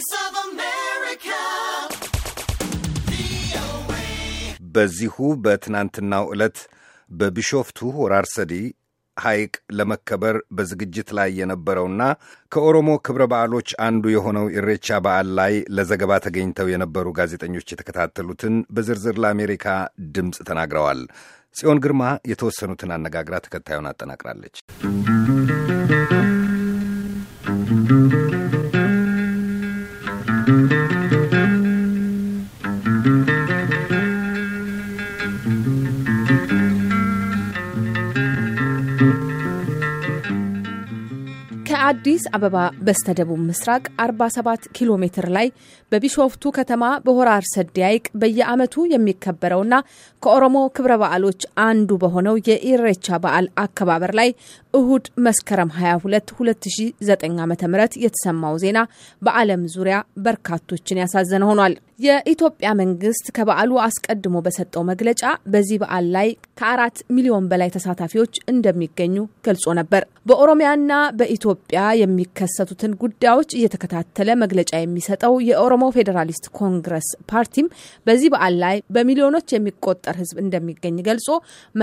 Voice of America. በዚሁ በትናንትናው ዕለት በቢሾፍቱ ወራርሰዲ ሐይቅ ለመከበር በዝግጅት ላይ የነበረውና ከኦሮሞ ክብረ በዓሎች አንዱ የሆነው ኢሬቻ በዓል ላይ ለዘገባ ተገኝተው የነበሩ ጋዜጠኞች የተከታተሉትን በዝርዝር ለአሜሪካ ድምፅ ተናግረዋል። ጽዮን ግርማ የተወሰኑትን አነጋግራ ተከታዩን አጠናቅራለች። ከአዲስ አበባ በስተደቡብ ምስራቅ 47 ኪሎ ሜትር ላይ በቢሾፍቱ ከተማ በሆራር አርሰዴ ሐይቅ በየዓመቱ የሚከበረውና ከኦሮሞ ክብረ በዓሎች አንዱ በሆነው የኢሬቻ በዓል አከባበር ላይ እሁድ መስከረም 22 2009 ዓ ም የተሰማው ዜና በዓለም ዙሪያ በርካቶችን ያሳዘነ ሆኗል። የኢትዮጵያ መንግስት ከበዓሉ አስቀድሞ በሰጠው መግለጫ በዚህ በዓል ላይ ከአራት ሚሊዮን በላይ ተሳታፊዎች እንደሚገኙ ገልጾ ነበር። በኦሮሚያና በኢትዮጵያ የሚከሰቱትን ጉዳዮች እየተከታተለ መግለጫ የሚሰጠው የኦሮሞ ፌዴራሊስት ኮንግረስ ፓርቲም በዚህ በዓል ላይ በሚሊዮኖች የሚቆጠር ህዝብ እንደሚገኝ ገልጾ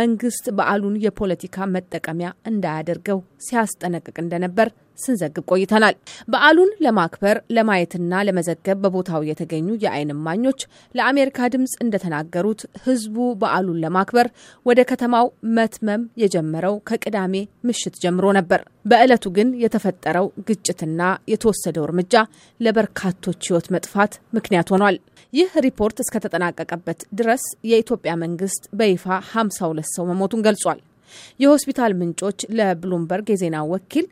መንግስት በዓሉን የፖለቲካ መጠቀሚያ እንዳ እንዳያደርገው ሲያስጠነቅቅ እንደነበር ስንዘግብ ቆይተናል። በዓሉን ለማክበር ለማየትና ለመዘገብ በቦታው የተገኙ የዓይን እማኞች ለአሜሪካ ድምፅ እንደተናገሩት ሕዝቡ በዓሉን ለማክበር ወደ ከተማው መትመም የጀመረው ከቅዳሜ ምሽት ጀምሮ ነበር። በዕለቱ ግን የተፈጠረው ግጭትና የተወሰደው እርምጃ ለበርካቶች ሕይወት መጥፋት ምክንያት ሆኗል። ይህ ሪፖርት እስከተጠናቀቀበት ድረስ የኢትዮጵያ መንግስት በይፋ 52 ሰው መሞቱን ገልጿል። የሆስፒታል ምንጮች ለብሉምበርግ የዜና ወኪል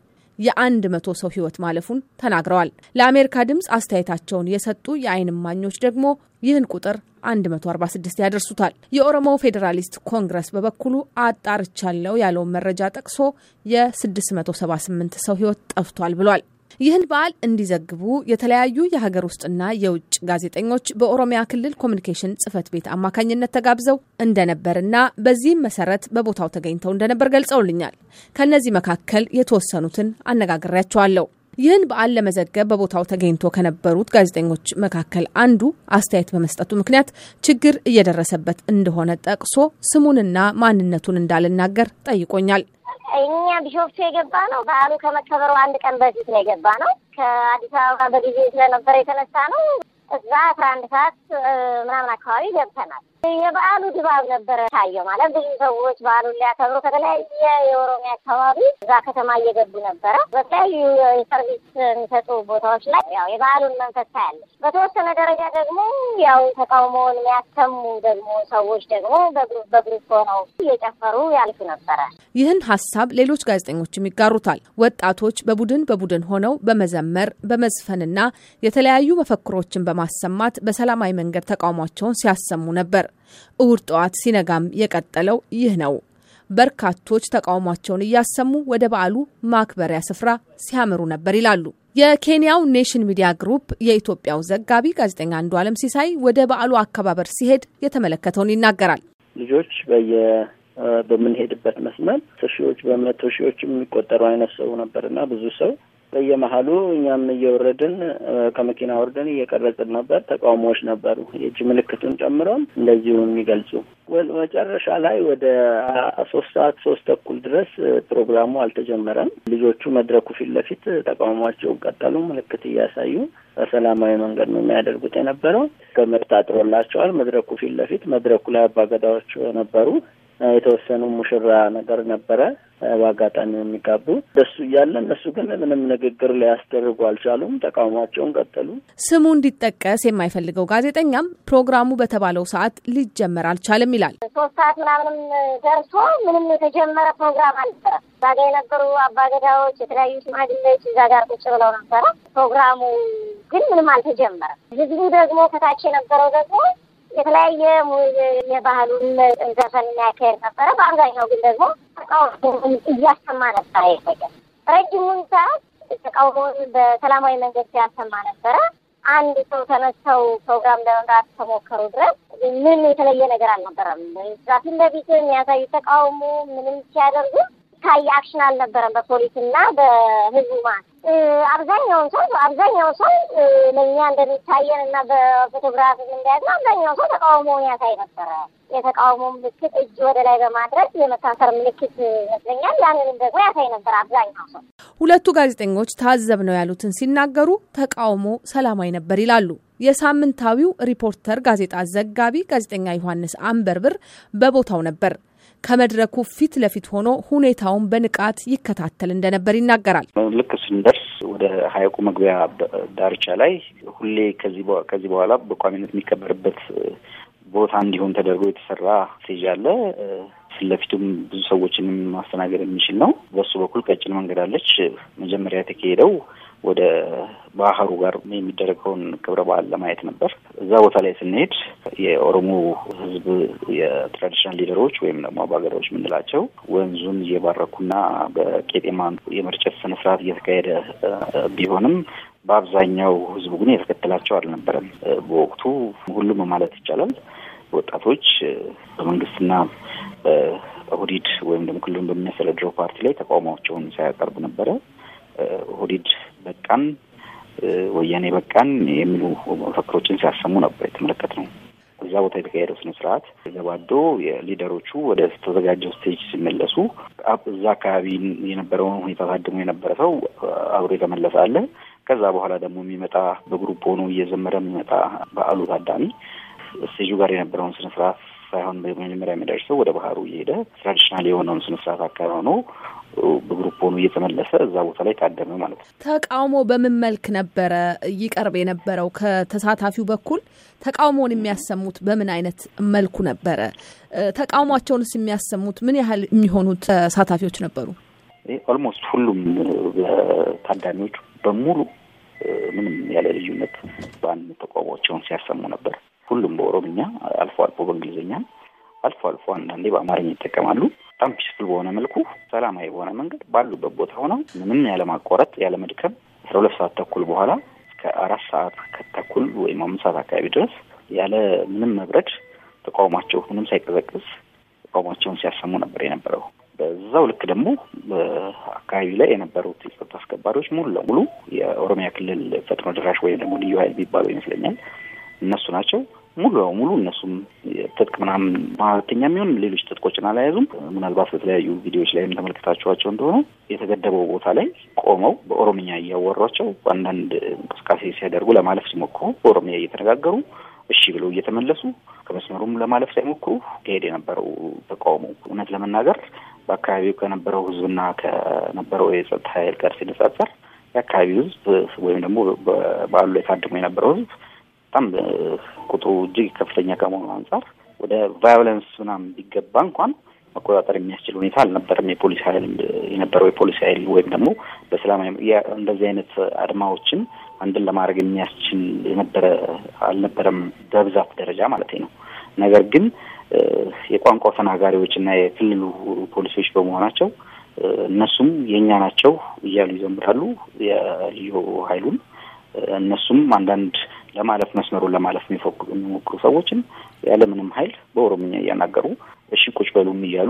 የአንድ መቶ ሰው ህይወት ማለፉን ተናግረዋል። ለአሜሪካ ድምፅ አስተያየታቸውን የሰጡ የአይን እማኞች ደግሞ ይህን ቁጥር 146 ያደርሱታል። የኦሮሞ ፌዴራሊስት ኮንግረስ በበኩሉ አጣርቻለው ያለውን መረጃ ጠቅሶ የ678 ሰው ህይወት ጠፍቷል ብሏል። ይህን በዓል እንዲዘግቡ የተለያዩ የሀገር ውስጥና የውጭ ጋዜጠኞች በኦሮሚያ ክልል ኮሚኒኬሽን ጽህፈት ቤት አማካኝነት ተጋብዘው እንደነበርና በዚህም መሰረት በቦታው ተገኝተው እንደነበር ገልጸውልኛል። ከእነዚህ መካከል የተወሰኑትን አነጋግሬያቸዋለሁ። ይህን በዓል ለመዘገብ በቦታው ተገኝቶ ከነበሩት ጋዜጠኞች መካከል አንዱ አስተያየት በመስጠቱ ምክንያት ችግር እየደረሰበት እንደሆነ ጠቅሶ ስሙንና ማንነቱን እንዳልናገር ጠይቆኛል። እኛ ቢሾፍቱ የገባ ነው በዓሉ ከመከበሩ አንድ ቀን በፊት ነው የገባ ነው። ከአዲስ አበባ በጊዜ ስለነበረ የተነሳ ነው። እዛ አስራ አንድ ሰዓት ምናምን አካባቢ ገብተናል። የበዓሉ ድባብ ነበረ ታየው። ማለት ብዙ ሰዎች በዓሉን ሊያከብሩ ከተለያየ የኦሮሚያ አካባቢ እዛ ከተማ እየገቡ ነበረ። በተለያዩ የሰርቪስ የሚሰጡ ቦታዎች ላይ ያው የበዓሉን መንፈስ ታያለች። በተወሰነ ደረጃ ደግሞ ያው ተቃውሞውን የሚያሰሙ ደግሞ ሰዎች ደግሞ በግሩፕ ሆነው እየጨፈሩ ያልፉ ነበረ። ይህን ሀሳብ ሌሎች ጋዜጠኞችም ይጋሩታል። ወጣቶች በቡድን በቡድን ሆነው በመዘመር በመዝፈንና የተለያዩ መፈክሮችን በማሰማት በሰላማዊ መንገድ ተቃውሟቸውን ሲያሰሙ ነበር። እሁድ ጠዋት ሲነጋም የቀጠለው ይህ ነው። በርካቶች ተቃውሟቸውን እያሰሙ ወደ በዓሉ ማክበሪያ ስፍራ ሲያመሩ ነበር ይላሉ። የኬንያው ኔሽን ሚዲያ ግሩፕ የኢትዮጵያው ዘጋቢ ጋዜጠኛ አንዱ አለም ሲሳይ ወደ በዓሉ አከባበር ሲሄድ የተመለከተውን ይናገራል። ልጆች በየ በምንሄድበት መስመር ሺዎች በመቶ ሺዎች የሚቆጠሩ አይነት ሰው ነበርና ብዙ ሰው በየመሀሉ እኛም እየወረድን ከመኪና ወርደን እየቀረጽን ነበር። ተቃውሞዎች ነበሩ፣ የእጅ ምልክቱን ጨምረን እንደዚሁ የሚገልጹ መጨረሻ ላይ ወደ ሶስት ሰዓት ሶስት ተኩል ድረስ ፕሮግራሙ አልተጀመረም። ልጆቹ መድረኩ ፊት ለፊት ተቃውሟቸውን ቀጠሉ። ምልክት እያሳዩ በሰላማዊ መንገድ ነው የሚያደርጉት የነበረው። ገመድ ታጥሮላቸዋል መድረኩ ፊት ለፊት። መድረኩ ላይ አባገዳዎች ነበሩ። የተወሰኑ ሙሽራ ነገር ነበረ። በአጋጣሚ የሚጋቡ እሱ እያለ እነሱ ግን ምንም ንግግር ሊያስደርጉ አልቻሉም። ተቃውሟቸውን ቀጠሉ። ስሙ እንዲጠቀስ የማይፈልገው ጋዜጠኛም ፕሮግራሙ በተባለው ሰዓት ሊጀመር አልቻለም ይላል። ሶስት ሰዓት ምናምንም ደርሶ ምንም የተጀመረ ፕሮግራም አልነበረም። እዛ ጋ የነበሩ አባገዳዎች፣ የተለያዩ ሽማግሌዎች እዛ ጋር ቁጭ ብለው ነበረ። ፕሮግራሙ ግን ምንም አልተጀመረም። ህዝቡ ደግሞ ከታች የነበረው ደግሞ የተለያየ የባህሉን ዘፈን የሚያካሄድ ነበረ። በአብዛኛው ግን ደግሞ ተቃውሞውን እያሰማ ነበረ። የፈቀ ረጅሙን ሰዓት ተቃውሞውን በሰላማዊ መንገድ ሲያሰማ ነበረ። አንድ ሰው ተነስተው ፕሮግራም ለመምራት ተሞከሩ ድረስ ምን የተለየ ነገር አልነበረም። እዛ በፊት የሚያሳዩ ተቃውሞ ምንም ሲያደርጉ ታይ አክሽን አልነበረም በፖሊስ እና በህዝቡ ማለት አብዛኛውን ሰው አብዛኛውን ሰው ለእኛ እንደሚታየን እና በፎቶግራፍ እንዳያዝ አብዛኛውን ሰው ተቃውሞውን ያሳይ ነበረ። የተቃውሞ ምልክት እጅ ወደ ላይ በማድረግ የመታሰር ምልክት ይመስለኛል። ያንንም ደግሞ ያሳይ ነበር አብዛኛው ሰው። ሁለቱ ጋዜጠኞች ታዘብ ነው ያሉትን ሲናገሩ ተቃውሞ ሰላማዊ ነበር ይላሉ። የሳምንታዊው ሪፖርተር ጋዜጣ ዘጋቢ ጋዜጠኛ ዮሐንስ አንበርብር በቦታው ነበር። ከመድረኩ ፊት ለፊት ሆኖ ሁኔታውን በንቃት ይከታተል እንደነበር ይናገራል። ልክ ስንደርስ ወደ ሀይቁ መግቢያ ዳርቻ ላይ ሁሌ ከዚህ በኋላ በቋሚነት የሚከበርበት ቦታ እንዲሆን ተደርጎ የተሰራ ስቴጅ አለ። ፊት ለፊቱም ብዙ ሰዎችንም ማስተናገድ የሚችል ነው። በሱ በኩል ቀጭን መንገድ አለች። መጀመሪያ የተካሄደው ወደ ባህሩ ጋር የሚደረገውን ክብረ በዓል ለማየት ነበር። እዛ ቦታ ላይ ስንሄድ የኦሮሞ ህዝብ የትራዲሽናል ሊደሮች ወይም ደግሞ አባገዳዎች የምንላቸው ወንዙን እየባረኩና በቄጤማ የመርጨት ስነስርዓት እየተካሄደ ቢሆንም በአብዛኛው ህዝቡ ግን የተከተላቸው አልነበረም። በወቅቱ ሁሉም ማለት ይቻላል ወጣቶች በመንግስትና በኦህዴድ ወይም ደግሞ ክልሉን በሚያስተዳድረው ፓርቲ ላይ ተቃውሟቸውን ሲያቀርቡ ነበረ። ኦህዴድ በቃን፣ ወያኔ በቃን የሚሉ መፈክሮችን ሲያሰሙ ነበር የተመለከት ነው። እዛ ቦታ የተካሄደው ስነ ስርዓት ለባዶ ሊደሮቹ ወደ ተዘጋጀው ስቴጅ ሲመለሱ እዛ አካባቢ የነበረውን ሁኔታ ታድሞ የነበረ ሰው አብሮ የተመለሰ አለ። ከዛ በኋላ ደግሞ የሚመጣ በግሩፕ ሆኖ እየዘመረ የሚመጣ በዓሉ ታዳሚ ስቴጁ ጋር የነበረውን ስነ ስርዓት ሳይሆን በመጀመሪያ የሚደርሰው ወደ ባህሩ እየሄደ ትራዲሽናል የሆነውን ስነስርዓት አከናውኖ በግሩፕ ሆኑ እየተመለሰ እዛ ቦታ ላይ ታደመ ማለት ነው። ተቃውሞ በምን መልክ ነበረ ይቀርብ የነበረው? ከተሳታፊው በኩል ተቃውሞውን የሚያሰሙት በምን አይነት መልኩ ነበረ? ተቃውሟቸውንስ የሚያሰሙት ምን ያህል የሚሆኑ ተሳታፊዎች ነበሩ? ኦልሞስት ሁሉም ታዳሚዎች በሙሉ ምንም ያለ ልዩነት በአንድ ተቃውሟቸውን ሲያሰሙ ነበር። ሁሉም በኦሮምኛ አልፎ አልፎ በእንግሊዝኛ አልፎ አልፎ አንዳንዴ በአማርኛ ይጠቀማሉ። በጣም ፒስፉል በሆነ መልኩ ሰላማዊ በሆነ መንገድ ባሉበት ቦታ ሆነው ምንም ያለማቋረጥ ያለመድከም አስራ ሁለት ሰዓት ተኩል በኋላ እስከ አራት ሰዓት ከተኩል ወይም አምስት ሰዓት አካባቢ ድረስ ያለ ምንም መብረድ ተቃውሟቸው ምንም ሳይቀዘቅዝ ተቃውሟቸውን ሲያሰሙ ነበር የነበረው። በዛው ልክ ደግሞ በአካባቢ ላይ የነበሩት የጸጥታ አስከባሪዎች ሙሉ ለሙሉ የኦሮሚያ ክልል ፈጥኖ ደራሽ ወይም ደግሞ ልዩ ኃይል የሚባለው ይመስለኛል እነሱ ናቸው። ሙሉ በሙሉ እነሱም ትጥቅ ምናምን ማለተኛ የሚሆን ሌሎች ትጥቆችን አላያዙም። ምናልባት በተለያዩ ቪዲዮዎች ላይም ተመልክታችኋቸው እንደሆነ የተገደበው ቦታ ላይ ቆመው በኦሮምኛ እያወሯቸው አንዳንድ እንቅስቃሴ ሲያደርጉ ለማለፍ ሲሞክሩ በኦሮምኛ እየተነጋገሩ እሺ ብለው እየተመለሱ ከመስመሩም ለማለፍ ሳይሞክሩ ከሄድ የነበረው ተቃውሞ እውነት ለመናገር በአካባቢው ከነበረው ሕዝብና ከነበረው የጸጥታ ኃይል ጋር ሲነጻጸር የአካባቢው ህዝብ ወይም ደግሞ በዓሉ ላይ ታድሞ የነበረው ህዝብ። በጣም ቁጥሩ እጅግ ከፍተኛ ከመሆኑ አንጻር ወደ ቫዮለንስ ምናምን ቢገባ እንኳን መቆጣጠር የሚያስችል ሁኔታ አልነበረም። የፖሊስ ኃይል የነበረው የፖሊስ ኃይል ወይም ደግሞ በሰላማዊ እንደዚህ አይነት አድማዎችን አንድን ለማድረግ የሚያስችል የነበረ አልነበረም፣ በብዛት ደረጃ ማለት ነው። ነገር ግን የቋንቋው ተናጋሪዎች እና የክልሉ ፖሊሶች በመሆናቸው እነሱም የእኛ ናቸው እያሉ ይዘምራሉ የልዩ ኃይሉን እነሱም አንዳንድ ለማለፍ መስመሩን ለማለፍ የሚሞክሩ ሰዎችን ያለምንም ኃይል በኦሮምኛ እያናገሩ እሺ ቁጭ በሉም እያሉ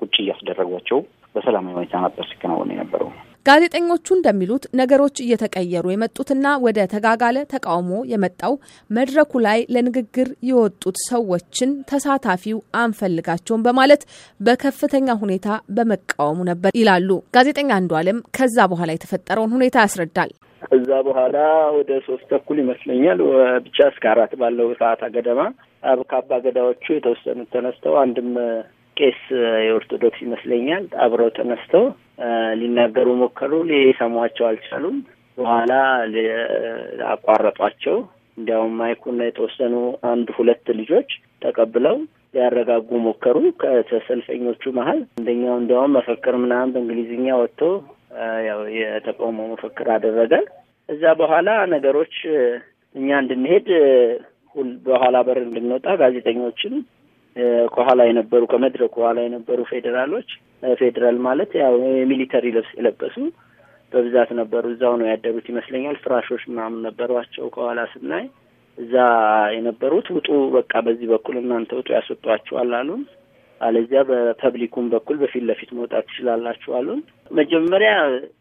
ቁጭ እያስደረጓቸው በሰላማዊ ሁኔታ ነበር ሲከናወን የነበረው። ጋዜጠኞቹ እንደሚሉት ነገሮች እየተቀየሩ የመጡትና ወደ ተጋጋለ ተቃውሞ የመጣው መድረኩ ላይ ለንግግር የወጡት ሰዎችን ተሳታፊው አንፈልጋቸውም በማለት በከፍተኛ ሁኔታ በመቃወሙ ነበር ይላሉ። ጋዜጠኛ አንዱ አለም ከዛ በኋላ የተፈጠረውን ሁኔታ ያስረዳል። ከዛ በኋላ ወደ ሶስት ተኩል ይመስለኛል ብቻ እስከ አራት ባለው ሰዓት ገደማ ከአባ ገዳዎቹ የተወሰኑት ተነስተው አንድም ቄስ የኦርቶዶክስ ይመስለኛል አብረው ተነስተው ሊናገሩ ሞከሩ። ሊሰሟቸው አልቻሉም። በኋላ አቋረጧቸው። እንዲያውም ማይኩና የተወሰኑ አንድ ሁለት ልጆች ተቀብለው ሊያረጋጉ ሞከሩ። ከተሰልፈኞቹ መሀል አንደኛው እንዲያውም መፈክር ምናምን በእንግሊዝኛ ወጥቶ ያው የተቃውሞ መፈክር አደረገ። እዛ በኋላ ነገሮች እኛ እንድንሄድ በኋላ በር እንድንወጣ ጋዜጠኞችን ከኋላ የነበሩ ከመድረኩ ኋላ የነበሩ ፌዴራሎች ፌዴራል ማለት ያው የሚሊተሪ ልብስ የለበሱ በብዛት ነበሩ። እዛው ነው ያደሩት ይመስለኛል። ፍራሾች ምናምን ነበሯቸው። ከኋላ ስናይ እዛ የነበሩት ውጡ፣ በቃ በዚህ በኩል እናንተ ውጡ፣ ያስወጧችኋል አሉን። አለዚያ በፐብሊኩም በኩል በፊት ለፊት መውጣት ትችላላችሁ አሉን። መጀመሪያ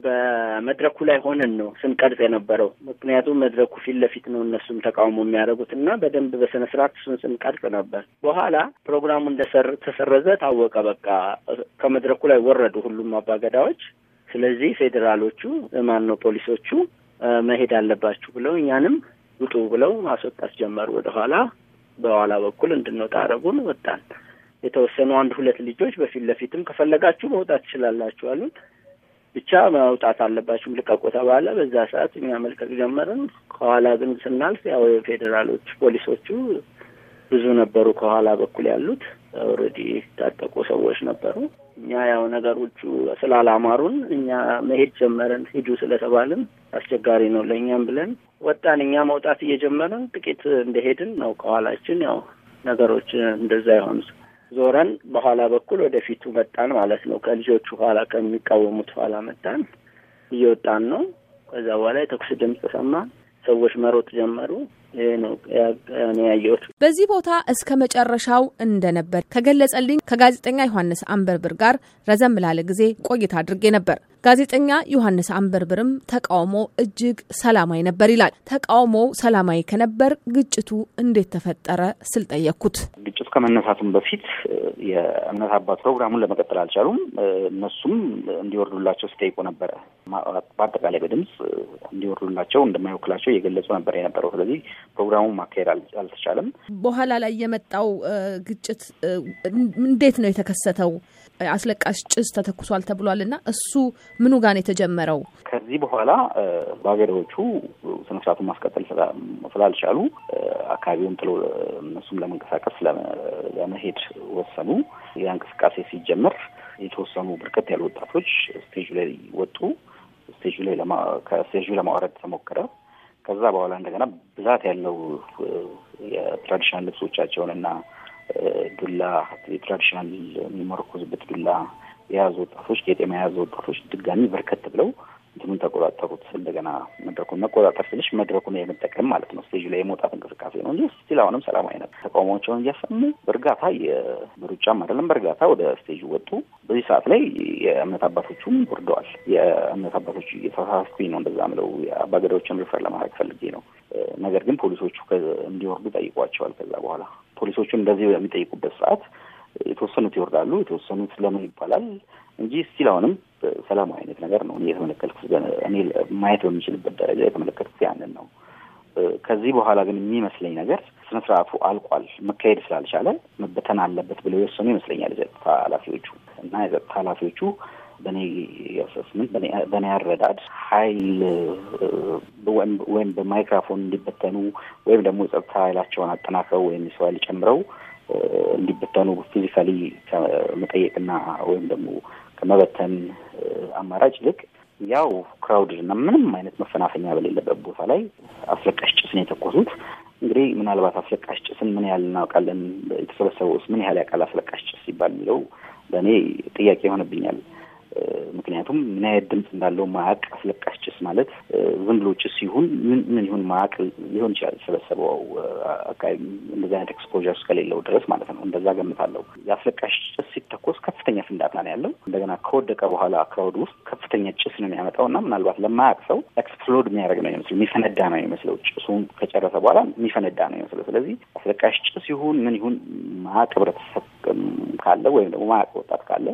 በመድረኩ ላይ ሆነን ነው ስንቀርጽ የነበረው። ምክንያቱም መድረኩ ፊት ለፊት ነው እነሱም ተቃውሞ የሚያደርጉት እና በደንብ በስነ ስርዓት እሱን ስንቀርጽ ነበር። በኋላ ፕሮግራሙ እንደተሰረዘ ታወቀ። በቃ ከመድረኩ ላይ ወረዱ ሁሉም አባገዳዎች። ስለዚህ ፌዴራሎቹ ማን ነው ፖሊሶቹ መሄድ አለባችሁ ብለው እኛንም ውጡ ብለው ማስወጣት ጀመሩ። ወደኋላ በኋላ በኩል እንድንወጣ አረጉን። ወጣን። የተወሰኑ አንድ ሁለት ልጆች በፊት ለፊትም ከፈለጋችሁ መውጣት ትችላላችሁ አሉን። ብቻ መውጣት አለባችሁም ልቀቁ ተባለ። በዛ ሰዓት እኛ መልቀቅ ጀመርን። ከኋላ ግን ስናልፍ ያው የፌዴራሎች ፖሊሶቹ ብዙ ነበሩ። ከኋላ በኩል ያሉት ኦልሬዲ ታጠቁ ሰዎች ነበሩ። እኛ ያው ነገሮቹ ስላላማሩን እኛ መሄድ ጀመርን። ሂዱ ስለተባልን አስቸጋሪ ነው ለእኛም ብለን ወጣን። እኛ መውጣት እየጀመርን ጥቂት እንደሄድን ነው ከኋላችን ያው ነገሮች እንደዛ ይሆኑ። ዞረን በኋላ በኩል ወደፊቱ መጣን ማለት ነው። ከልጆቹ ኋላ ከሚቃወሙት ኋላ መጣን፣ እየወጣን ነው። ከዛ በኋላ የተኩስ ድምፅ ሰማን። ሰዎች መሮጥ ጀመሩ። ያየሁት። በዚህ ቦታ እስከ መጨረሻው እንደነበር ከገለጸልኝ ከጋዜጠኛ ዮሐንስ አንበርብር ጋር ረዘም ላለ ጊዜ ቆይታ አድርጌ ነበር። ጋዜጠኛ ዮሐንስ አንበርብርም ተቃውሞ እጅግ ሰላማዊ ነበር ይላል። ተቃውሞው ሰላማዊ ከነበር ግጭቱ እንዴት ተፈጠረ ስል ጠየቅኩት። ግጭቱ ከመነሳቱም በፊት የእምነት አባት ፕሮግራሙን ለመቀጠል አልቻሉም። እነሱም እንዲወርዱላቸው ሲጠይቁ ነበረ። በአጠቃላይ በድምፅ እንዲወርዱላቸው እንደማይወክላቸው እየገለጹ ነበር የነበረው። ስለዚህ ፕሮግራሙ ማካሄድ አልተቻለም። በኋላ ላይ የመጣው ግጭት እንዴት ነው የተከሰተው? አስለቃሽ ጭስ ተተኩሷል ተብሏል እና እሱ ምኑ ጋን የተጀመረው? ከዚህ በኋላ በሀገሬዎቹ ስነስርዓቱን ማስቀጠል ስላልቻሉ አካባቢውን ጥሎ እነሱም ለመንቀሳቀስ ለመሄድ ወሰኑ። ያ እንቅስቃሴ ሲጀመር የተወሰኑ በርከት ያሉ ወጣቶች ስቴጁ ላይ ወጡ። ስቴጁ ላይ ከስቴጁ ለማውረድ ተሞከረ። ከዛ በኋላ እንደገና ብዛት ያለው የትራዲሽናል ልብሶቻቸውን እና ዱላ የትራዲሽናል የሚመርኮዝበት ዱላ የያዙ ወጣቶች፣ ቄጤማ የያዙ ወጣቶች ድጋሚ በርከት ብለው እንትኑን ተቆጣጠሩት። እንደገና መድረኩን መቆጣጠር ስልሽ መድረኩን የመጠቀም ማለት ነው። ስቴጅ ላይ የመውጣት እንቅስቃሴ ነው እንጂ ስቲል አሁንም ሰላማዊ ነበር። ተቃውሟቸውን እያሰሙ በእርጋታ በሩጫም አይደለም በእርጋታ ወደ ስቴጅ ወጡ። በዚህ ሰዓት ላይ የእምነት አባቶቹም ወርደዋል። የእምነት አባቶቹ እየተሳሳትኩኝ ነው እንደዛ ምለው የአባገዳዎችን ሪፈር ለማድረግ ፈልጌ ነው። ነገር ግን ፖሊሶቹ እንዲወርዱ ጠይቋቸዋል። ከዛ በኋላ ፖሊሶቹ እንደዚህ በሚጠይቁበት ሰዓት የተወሰኑት ይወርዳሉ፣ የተወሰኑት ለምን ይባላል እንጂ ስቲል አሁንም ሰላማዊ አይነት ነገር ነው የተመለከትኩት። እኔ ማየት በሚችልበት ደረጃ የተመለከትኩት ያንን ነው። ከዚህ በኋላ ግን የሚመስለኝ ነገር ስነ ስርዓቱ አልቋል፣ መካሄድ ስላልቻለ መበተን አለበት ብለው የወሰኑ ይመስለኛል የጸጥታ ኃላፊዎቹ እና የጸጥታ ኃላፊዎቹ በኔ አሰስመንት በኔ አረዳድ ሀይል ወይም በማይክራፎን እንዲበተኑ ወይም ደግሞ ጸጥታ ኃይላቸውን አጠናክረው ወይም የሰው ኃይል ጨምረው እንዲበተኑ ፊዚካሊ ከመጠየቅና ወይም ደግሞ ከመበተን አማራጭ ይልቅ ያው ክራውድድ እና ምንም አይነት መፈናፈኛ በሌለበት ቦታ ላይ አስለቃሽ ጭስን የተኮሱት። እንግዲህ ምናልባት አስለቃሽ ጭስን ምን ያህል እናውቃለን? ውስጥ ምን ያህል ያውቃል? አስለቃሽ ጭስ ሲባል የሚለው በእኔ ጥያቄ ይሆንብኛል። ምክንያቱም ምን አይነት ድምፅ እንዳለው ማያቅ አስለቃሽ ጭስ ማለት ዝም ብሎ ጭስ ይሁን ምን ይሁን ማያቅ ሊሆን ይችላል። የሰበሰበው አካባቢ እንደዚህ አይነት ኤክስፖዠር እስከሌለው ድረስ ማለት ነው። እንደዛ ገምታለሁ። የአስለቃሽ ጭስ ሲተኮስ ከፍተኛ ፍንዳታ ነው ያለው። እንደገና ከወደቀ በኋላ ክራውድ ውስጥ ከፍተኛ ጭስ ነው የሚያመጣው እና ምናልባት ለማያቅ ሰው ኤክስፕሎድ የሚያደርግ ነው ይመስል የሚፈነዳ ነው ይመስለው። ጭሱን ከጨረሰ በኋላ የሚፈነዳ ነው ይመስለው። ስለዚህ አስለቃሽ ጭስ ይሁን ምን ይሁን ማያቅ ህብረተሰብ ካለ ወይም ደግሞ ማያቅ ወጣት ካለ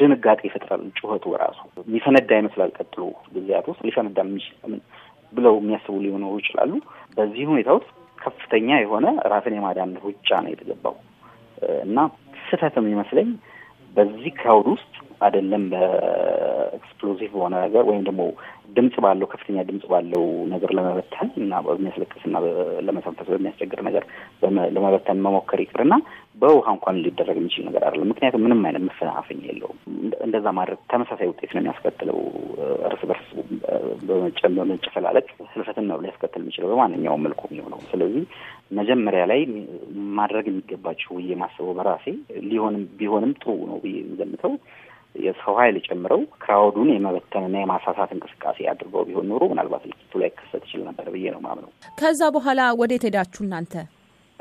ድንጋጤ ይፈጥራል። ጩኸቱ ራሱ ሊፈነዳ ይመስላል። ቀጥሎ ጊዜያት ውስጥ ሊፈነዳ ብለው የሚያስቡ ሊሆኑ ይችላሉ። በዚህ ሁኔታ ውስጥ ከፍተኛ የሆነ ራስን የማዳን ሩጫ ነው የተገባው እና ስህተትም ይመስለኝ በዚህ ክራውድ ውስጥ አይደለም ኤክስፕሎዚቭ በሆነ ነገር ወይም ደግሞ ድምጽ ባለው ከፍተኛ ድምጽ ባለው ነገር ለመበተን እና በሚያስለቅስ እና ለመተንፈስ በሚያስቸግር ነገር ለመበተን መሞከር ይቅርና በውሃ እንኳን ሊደረግ የሚችል ነገር አይደለም። ምክንያቱም ምንም አይነት መፈናፈኝ የለውም። እንደዛ ማድረግ ተመሳሳይ ውጤት ነው የሚያስከትለው። እርስ በርስ በመጨፈላለቅ ህልፈትን ነው ሊያስከትል የሚችለው በማንኛውም መልኩ የሚሆነው። ስለዚህ መጀመሪያ ላይ ማድረግ የሚገባቸው ብዬ ማስበው በራሴ ሊሆንም ቢሆንም ጥሩ ነው ብዬ የሚገምተው የሰው ኃይል ጨምረው ክራውዱን የመበተንና የማሳሳት እንቅስቃሴ አድርገው ቢሆን ኖሮ ምናልባት ልጅቱ ላይ ከሰት ይችል ነበር ብዬ ነው ማምነው። ከዛ በኋላ ወዴት ሄዳችሁ እናንተ?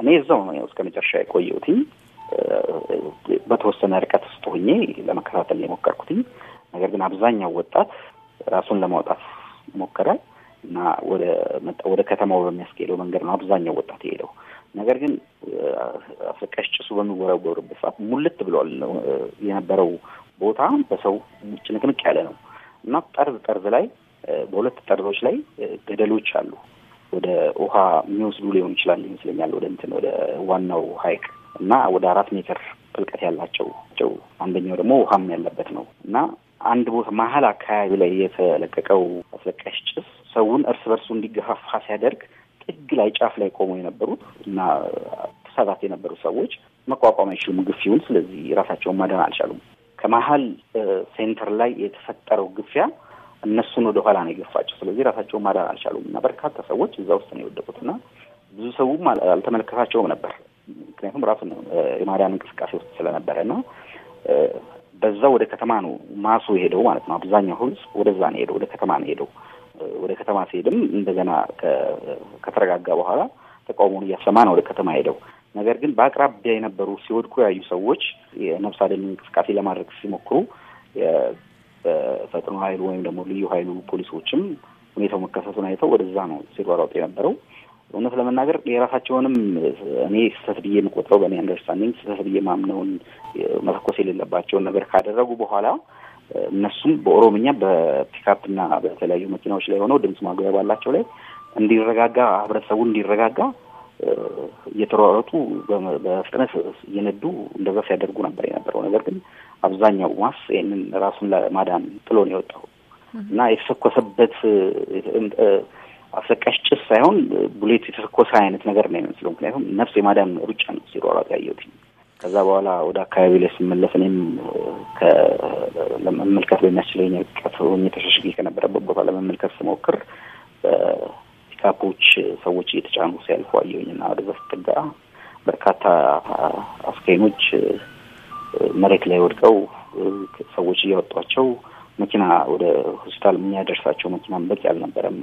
እኔ እዛው ነው እስከ መጨረሻ የቆየሁትኝ። በተወሰነ ርቀት ውስጥ ሆኜ ለመከታተል የሞከርኩትኝ። ነገር ግን አብዛኛው ወጣት ራሱን ለማውጣት ሞከራል እና ወደ ከተማው በሚያስኬደው መንገድ ነው አብዛኛው ወጣት የሄደው። ነገር ግን አስለቃሽ ጭሱ በሚወረወሩበት ሰዓት ሙልት ብለዋል የነበረው ቦታ በሰው ጭንቅንቅ ያለ ነው እና ጠርዝ ጠርዝ ላይ በሁለት ጠርዞች ላይ ገደሎች አሉ። ወደ ውሃ የሚወስዱ ሊሆን ይችላል ይመስለኛል። ወደ እንትን ወደ ዋናው ሀይቅ እና ወደ አራት ሜትር ጥልቀት ያላቸው ጨው አንደኛው ደግሞ ውሃም ያለበት ነው እና አንድ ቦታ መሀል አካባቢ ላይ የተለቀቀው አስለቃሽ ጭስ ሰውን እርስ በርሱ እንዲገፋፋ ሲያደርግ ጥግ ላይ ጫፍ ላይ ቆመው የነበሩት እና ተሳታት የነበሩ ሰዎች መቋቋም አይችሉም ግፊውን። ስለዚህ ራሳቸውን ማዳን አልቻሉም። ከመሀል ሴንተር ላይ የተፈጠረው ግፊያ እነሱን ወደ ኋላ ነው የገፋቸው። ስለዚህ ራሳቸውን ማዳን አልቻሉም እና በርካታ ሰዎች እዛ ውስጥ ነው የወደቁት እና ብዙ ሰውም አልተመለከታቸውም ነበር ምክንያቱም ራሱ የማዳን እንቅስቃሴ ውስጥ ስለነበረ እና በዛ ወደ ከተማ ነው ማሱ የሄደው ማለት ነው። አብዛኛው ህዝብ ወደዛ ነው ሄደው ወደ ከተማ ነው ሄደው ወደ ከተማ ሲሄድም እንደገና ከተረጋጋ በኋላ ተቃውሞውን እያሰማ ነው ወደ ከተማ ሄደው ነገር ግን በአቅራቢያ የነበሩ ሲወድቁ ያዩ ሰዎች የነፍስ አድን እንቅስቃሴ ለማድረግ ሲሞክሩ ፈጥኖ ኃይሉ ወይም ደግሞ ልዩ ኃይሉ ፖሊሶችም ሁኔታው መከሰቱን አይተው ወደዛ ነው ሲሯሯጡ የነበረው። እውነት ለመናገር የራሳቸውንም እኔ ስህተት ብዬ የምቆጥረው በእኔ አንደርስታንዲንግ ስህተት ብዬ ማምነውን መተኮስ የሌለባቸውን ነገር ካደረጉ በኋላ እነሱም በኦሮምኛ በፒካፕና በተለያዩ መኪናዎች ላይ ሆነው ድምፅ ማጉያ ባላቸው ላይ እንዲረጋጋ ህብረተሰቡ እንዲረጋጋ እየተሯሯጡ በፍጥነት እየነዱ እንደዛ ሲያደርጉ ነበር የነበረው። ነገር ግን አብዛኛው ማስ ይህንን ራሱን ለማዳን ጥሎ ነው የወጣው እና የተተኮሰበት አሰቃሽ ጭስ ሳይሆን ቡሌት የተተኮሰ አይነት ነገር ነው የሚመስለው። ምክንያቱም ነፍስ የማዳን ሩጫ ነው ሲሯሯጥ ያየሁት። ከዛ በኋላ ወደ አካባቢ ላይ ስመለስ እኔም ለመመልከት በሚያስችለኝ ርቀት ሆኜ ተሸሽጌ ከነበረበት ቦታ ለመመልከት ስሞክር ፒካፖች ሰዎች እየተጫኑ ሲያልፉ አየሁኝና ወደ በስተጋ በርካታ አስክሬኖች መሬት ላይ ወድቀው ሰዎች እያወጧቸው መኪና ወደ ሆስፒታል የሚያደርሳቸው መኪናም በቂ አልነበረም።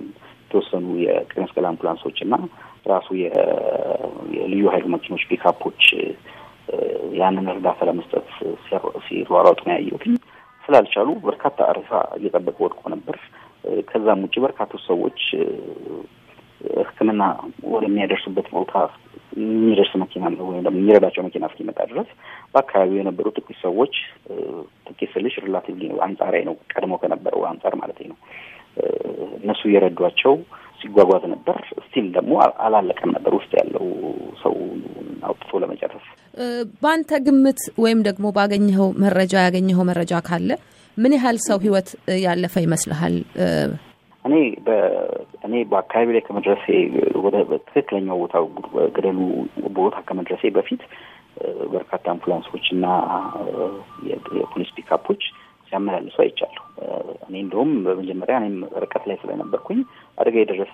የተወሰኑ የቀይ መስቀል አምቡላንሶች እና ራሱ የልዩ ኃይል መኪኖች ፒካፖች ያንን እርዳታ ለመስጠት ሲሯሯጡ ነው ያየሁት። ስላልቻሉ በርካታ ሬሳ እየጠበቀ ወድቆ ነበር። ከዛም ውጭ በርካቶች ሰዎች ሕክምና ወደሚያደርሱበት ቦታ የሚደርስ መኪና ወይም ደግሞ የሚረዳቸው መኪና እስኪመጣ ድረስ በአካባቢው የነበሩ ጥቂት ሰዎች ጥቂት ስልሽ ሪላቲቭሊ አንጻራዊ ነው፣ ቀድሞ ከነበረው አንጻር ማለት ነው። እነሱ እየረዷቸው ሲጓጓዝ ነበር። ስቲል ደግሞ አላለቀም ነበር ውስጥ ያለው ሰው አውጥቶ ለመጨረስ። በአንተ ግምት ወይም ደግሞ ባገኘኸው መረጃ ያገኘኸው መረጃ ካለ ምን ያህል ሰው ህይወት ያለፈ ይመስልሃል? እኔ እኔ በአካባቢ ላይ ከመድረሴ ወደ ትክክለኛው ቦታ ገደሉ ቦታ ከመድረሴ በፊት በርካታ አምቡላንሶች እና የፖሊስ ፒካፖች ሲያመላልሱ አይቻለሁ። እኔ እንደውም በመጀመሪያ እኔም ርቀት ላይ ስለነበርኩኝ አደጋ የደረሰ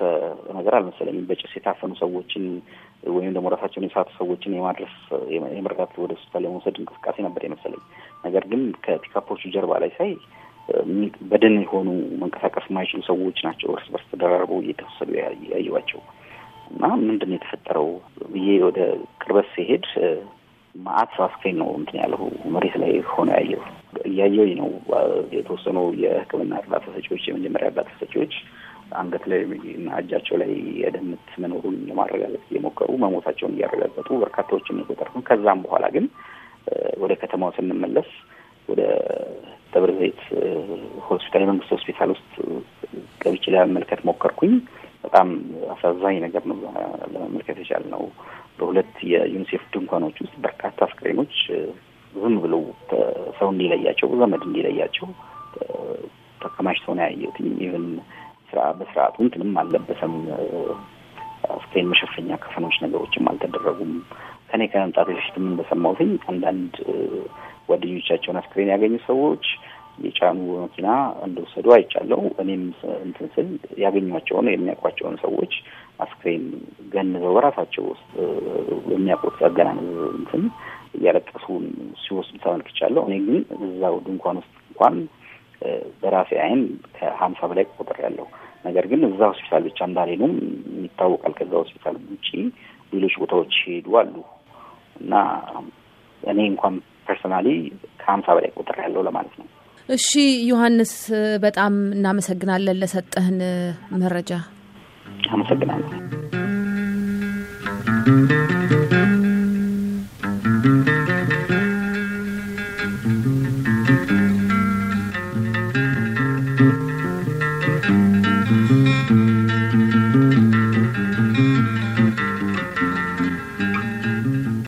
ነገር አልመሰለኝም። በጭስ የታፈኑ ሰዎችን ወይም ደግሞ ራሳቸውን የሳቱ ሰዎችን የማድረስ የመርዳት ወደ ሆስፒታል የመውሰድ እንቅስቃሴ ነበር የመሰለኝ። ነገር ግን ከፒካፖቹ ጀርባ ላይ ሳይ በደን የሆኑ መንቀሳቀስ የማይችሉ ሰዎች ናቸው እርስ በርስ ተደራርበው እየተወሰዱ ያየዋቸው እና ምንድን ነው የተፈጠረው ብዬ ወደ ቅርበት ሲሄድ ማአት ሳስክሬን ነው እንትን ያለው መሬት ላይ ሆነ ያየው እያየው ነው። የተወሰኑ የህክምና እርዳታ ሰጪዎች፣ የመጀመሪያ እርዳታ ሰጪዎች አንገት ላይ እና እጃቸው ላይ የደምት መኖሩን ለማረጋገጥ እየሞከሩ መሞታቸውን እያረጋገጡ በርካታዎችን የቆጠርኩ። ከዛም በኋላ ግን ወደ ከተማው ስንመለስ ወደ ደብረ ዘይት ሆስፒታል የመንግስት ሆስፒታል ውስጥ ገብቼ ለመመልከት ሞከርኩኝ። በጣም አሳዛኝ ነገር ነው ለመመልከት ነው። በሁለት የዩኒሴፍ ድንኳኖች ውስጥ በርካታ አስክሬኖች ዝም ብለው ሰው እንዲለያቸው ዘመድ እንዲለያቸው ተከማችተው ነው ያየሁት። ኢቨን ስራ በስርአቱ እንትንም አልለበሰም አስክሬን መሸፈኛ ከፈኖች ነገሮችም አልተደረጉም። ከኔ ከመምጣት በፊትም እንደሰማሁትኝ አንዳንድ ጓደኞቻቸውን አስክሬን ያገኙ ሰዎች የጫኑ መኪና እንደወሰዱ አይቻለው። እኔም እንትን ስል ያገኟቸውን የሚያውቋቸውን ሰዎች አስክሬን ገንዘው በራሳቸው ውስጥ የሚያውቁት አገናነብ እንትን እያለቀሱ ሲወስዱ ተመልክቻለሁ። እኔ ግን እዛው ድንኳን ውስጥ እንኳን በራሴ አይን ከሀምሳ በላይ ቁጥር ያለው ነገር ግን እዛ ሆስፒታል ብቻ እንዳሌኑም ይታወቃል። ከዛ ሆስፒታል ውጪ ሌሎች ቦታዎች ሄዱ አሉ። እና እኔ እንኳን ፐርሶናሊ ከሀምሳ በላይ ቁጥር ያለው ለማለት ነው። እሺ ዮሐንስ በጣም እናመሰግናለን ለሰጠህን መረጃ አመሰግናለሁ።